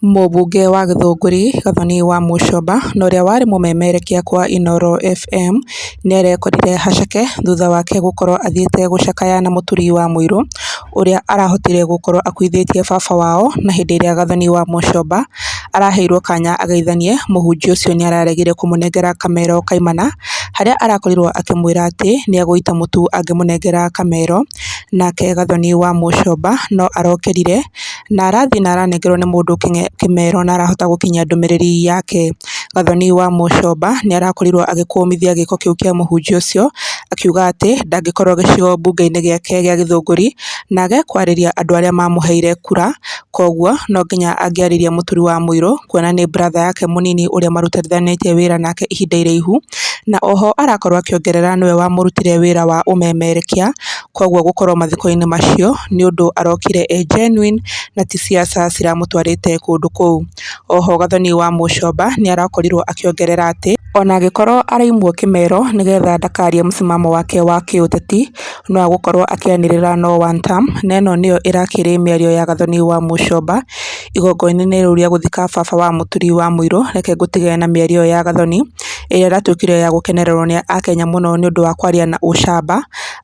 Mũmbunge wa Gĩthũngũri Gathoni wa Mũcomba na ũrĩa warĩ mũmemerekia kwa inoro FM arekorire haceke thutha wake gũkorwo athiĩte gũcakaya na mũturi wa mũirũ ũrĩa arahotire gũkorwo akuithĩtie baba wao na hĩndĩ ĩrĩa Gathoni wa Mũcomba araheirwo kanya ageithanie mũhunjia ũcio araregire kũmũnengera kamero kaimana harĩa arakorirwo akĩmwĩra atĩ nĩegũita mũtu angĩmũnengera kamero, nake Gathoni wa Mũcomba no arokerire na arathiĩ na aranengerwo nĩ mũndũ kĩmero na arahota gũkinyia ndũmĩrĩri yake. Gathoni wa Mũcomba nĩ arakorirwo agĩkũmithia gĩko kĩu kĩa mũhunjia ũcio, akiuga atĩ ndangĩkorwo gĩcigo mbunge-inĩ gĩake gĩa Gĩthũngũri, na agekwarĩria andũ arĩa mamũheire kura, koguo no nginya angĩaririe mũturi wa mũirũ kuona nĩ brother yake mũnini ũrĩa marutithanĩtie wĩra nake ihinda iraihu na oho arakorwo akĩongerera nĩwe wamũrutire wira wa ũmemerekia kwoguo gũkorwo mathiko-inĩ macio ni undu arokire e genuine na ti ciaca ciramũtwarĩte kundu kũu. Oho Gathoni wa Mũcomba ni arakorirwo akiongerera ati ona angĩkorwo araimwo kĩmero nĩgetha ndakarie mũsimamo wake wa kĩũteti no agũkorwo akianirira no one term na ĩno nĩyo ĩrakĩrĩ mĩario ya Gathoni wa Mũcomba igongona-inĩ rĩu rĩa gũthika baba wa muturi wa muiro reke ngũtige na mĩario ya Gathoni ĩrĩa ĩratuĩkire ya gũkenererwo nĩ akenya mũno nĩ ũndũ wa kwaria na ũcamba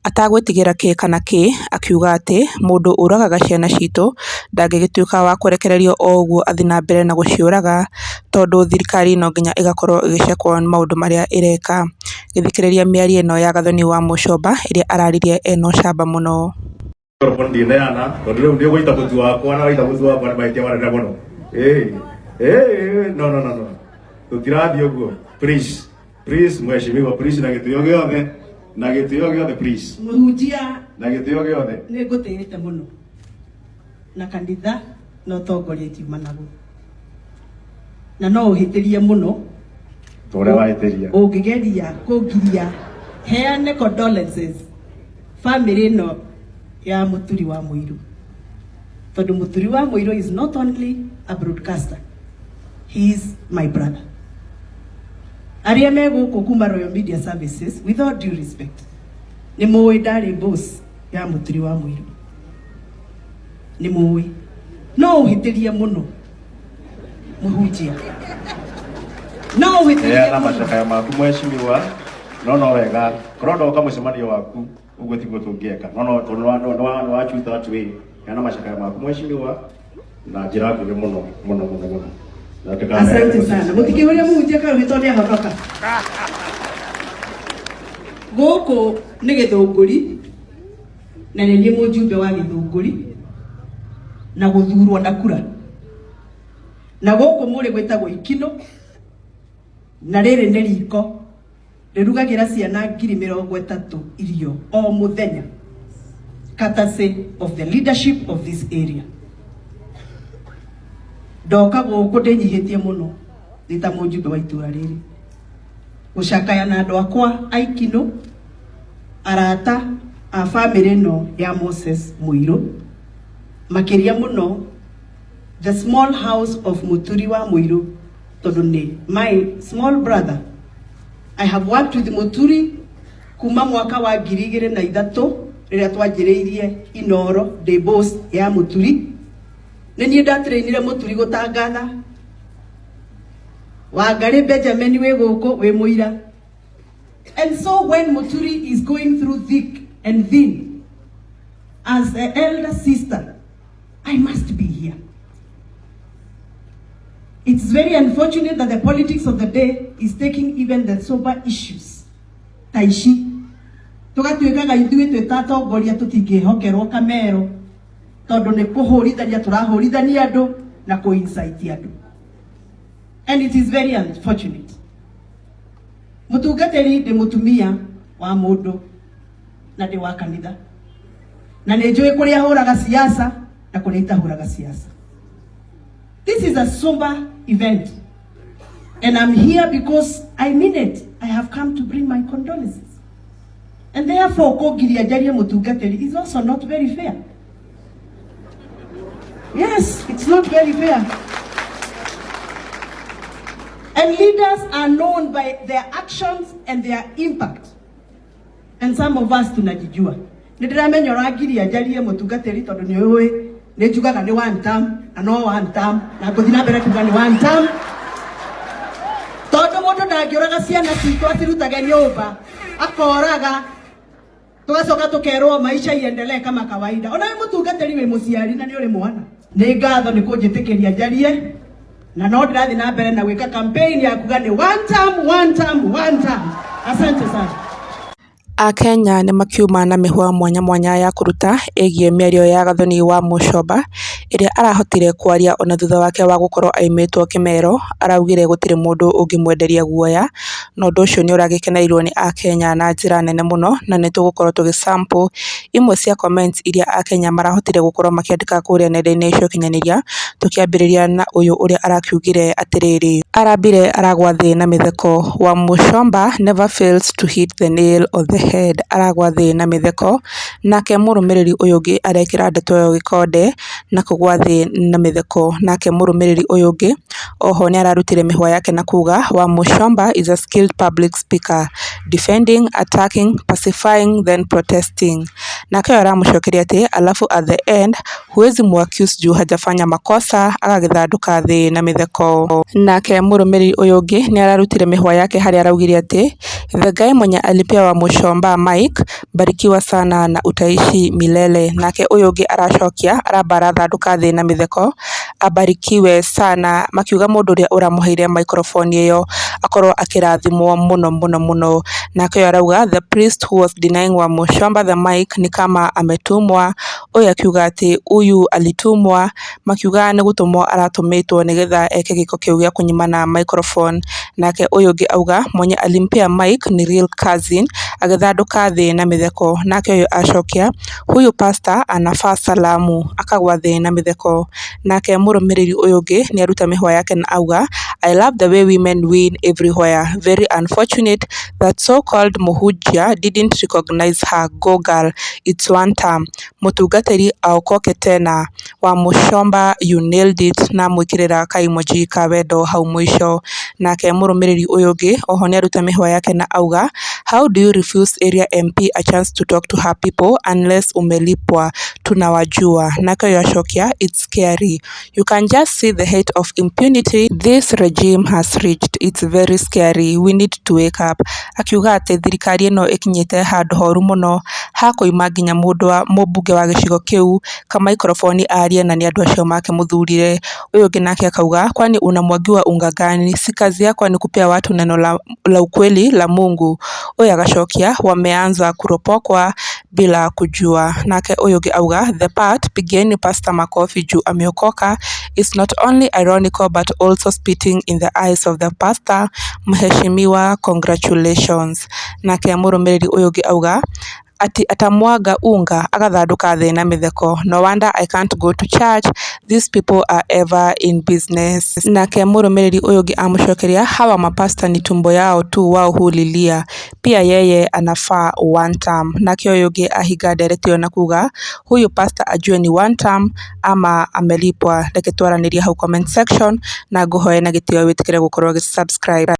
atagwĩtigĩra kĩ kana kĩ, akiuga atĩ "mũndũ ũragaga ciana citũ ndangĩgĩtuĩka wa kũrekererio o ũguo athiĩ na mbere na gũciũraga, tondũ thirikari no nginya ĩgakorwo ĩgĩcekwo maũndũ marĩa ĩreka". Gĩthikĩrĩria mĩario ĩno ya Gathoni wa Mũcomba ĩrĩa araririe ena ũcamba mũno. Ndineana tondũ rĩu nĩũgũita mũtu no tũtirathiĩ ũguo please please mweshimiwa please na gitio giothe na gitio giothe please muhunjia na gitio giothe ni ngutirite muno na kanitha na utongoria tiumanagu na no uhitirie muno tore wahitiria ungigeria kungiria heane condolences family no ya muturi wa muiru tondu muturi wa muiru is not only a broadcaster he is my brother aria me guku kuma Royal Media Services with all due respect ni muwi ndari boss ya mutiri wa mwiru ni muwi no uhitirie muno muhunjia no uhitirie na mashaka ya maku mweshimiwa no no wega korodo ka mucemanio waku uguo tiguo tungieka no no no no achu that way ya na mashaka ya maku mweshimiwa na njira nguhĩ mũno mũno mũno mũno Asante sana muthiki uria muhunjia karugitwo ni ahonoka guku ni githunguri na ni nie mujumbe wa githunguri na guthurwo na kura na guku muri gwitagwo ikino na riri ni riko rirugagira ciana ngiri mirongo itatu irio o muthenya courtesy of the leadership of this area ndoka guku ndinyihitie muno ndi ta mujumbe wa itura riri gucakaya na andu akwa aikino arata a family no ya Moses Muiru makiria muno the small house of Muturi wa Muiru tondu ni my small brother I have worked with Muturi kuma mwaka wa ngiri igĩrĩ na ithatũ rĩrĩa twanjĩrĩirie Inoro the boss ya Muturi nä niä ndaträinire må turi gå tangatha wangarä benjamin wä and so when muturi is going through thick and thin as an elder sister i must be here it's very unfortunate that the politics of the day is taking even the sober issues tondu ni kuhurithania turahurithania andu na kuincite andu and it is very unfortunate mutungatiri ndi mutumia wa mundu na ndi wa kanitha na ni njui kuria huraga siasa na kuria itahuraga siasa this is a somber event and I'm here because I mean it I have come to bring my condolences and therefore kugiria njarie mutungatiri is also not very fair Yes, it's not very fair. And leaders are known by their actions and their impact. And some of us tunajijua. Nĩndĩramenya ũrangiria njarie mũtungatĩri tondũ nĩ ũĩ nĩnjugaga nĩ one term na no one term na ngũthiĩ na mbere kuga nĩ one term tondũ mũndũ ndangĩũraga ciana citũ acirutage nyũmba akoraga tugacoka tukerwo maisha iendelee kama kawaida. Ona wĩ mũtungatĩri wĩ mũciari na nĩ ũrĩ mwana ni ngatho ni kunjitikiria njarie na no ndirathi na mbere na gwika campaign ya kuga ni one time one time one time. Asante sana. Akenya nĩ makiuma na mĩhwa mwanya mwanya ya kũruta ĩgiĩ mĩario ya gathoni wa Mucomba ĩrĩa arahotire kwaria ona thutha wake wa gũkorwo aimĩtwo kĩmero araugire gũtirĩ mũndũ ũngĩmwenderia guoya na ũndũ ũcio nĩ ũragĩkenereirwo nĩ akenya na njĩra nene mũno na nĩ tũgũkorwo tũgĩ sample imwe cia comments iria akenya marahotire gũkorwo makĩandĩka kũrĩa nenda-inĩ cia ũkinyanĩria tũkĩambĩrĩria na ũyũ ũrĩa arakiugire atĩrĩrĩ arambire aragwa thĩ na mĩtheko wa Wamuchomba never fails to hit the nail on the head aragwa thĩ na mĩtheko nake mũrũmĩrĩri ũyũ ũngĩ arekĩra ndeto ĩyo gĩkonde na kũ gwa thĩ na mĩtheko nake mũrũmĩrĩri ũyũ ũngĩ oho ararutire mĩhwa yake na kuga Wamuchomba is a skilled public speaker, defending, attacking, pacifying then protesting nake ayo aramũcokeria ati alafu at the end huwezi mwaccuse juu hajafanya makosa agagĩthandũka thi na mitheko Nake mũrũmĩrĩri ũyũ ũngĩ ni ararutire mihwa yake harĩa araugire ati the guy mwenye alipewa mushomba Mike barikiwa sana na utaishi milele. Nake ũyũ ũngĩ aracokia arabara thanduka thi na mitheko abarikiwe sana makiuga mundu uria uramuheire microphone iyo akorwo akirathimwo muno muno muno nake uyu arauga the priest who was denying wa mushamba the mic ni kama ametumwa uyu akiuga ati uyu alitumwa makiuga ni gutumwo aratumitwo nigetha eke giko kiu gia kunyimana microphone nake uyu ungi auga mwenye alimpia mic ni real cousin agethanduka thi na mitheko nake uyu acokia huyu pastor anafaa salamu akagwa thi na mitheko nake mũrũmĩrĩri ũyũ ũngĩ aruta mĩhwa yake na auga I love the way women win everywhere very unfortunate that so called mũhunjia didn't recognize her go girl it's one term mũtungatĩri aokoke tena wa Wamuchomba you nailed it na amwĩkĩrĩra ka emoji ka wendo hau mũico nake mũrũmĩrĩri ũyũ ũngĩ oho nĩaruta mĩhwa yake na auga How do you refuse area MP a chance to talk to her people unless umelipwa? Tunawajua. Nako ya shokia, it's scary. You can just see the height of impunity this regime has reached. It's very scary. We need to wake up. Akiuga ati thirikari ino ikinyite handu horu muno hakoima nginya mundu wa mubunge wa gicigo kiu ka microphone arie na ni andu acio make muthurire uyu ungi nake akauga kwani una mwangi wa unga gani si kazi yako ni kupea watu neno la, la ukweli la Mungu uyu agacokia wameanza kuropokwa bila kujua. Nake uyu ungi auga the part pigeni pasta makofi juu ameokoka is not only ironical but also spitting in the eyes of the pastor mheshimiwa congratulations. Nake murumiriri uyu ungi auga ati atamwaga unga agathanduka thĩ na mĩtheko no wonder I can't go to church these people are ever in business nake mũrũmĩrĩri ũyũ ũngĩ amũcokeria hawa mapasta ni tumbo yao tu wao hulilia pia yeye anafaa one term nake ũyũ ũngĩ ahinga ndereti na kuga huyu pasta ajue ni one term ama amelipwa reke twaranĩrie hau comment section na ngũhoe na gitio wĩtĩkĩre gũkorwo ũgĩ subscribe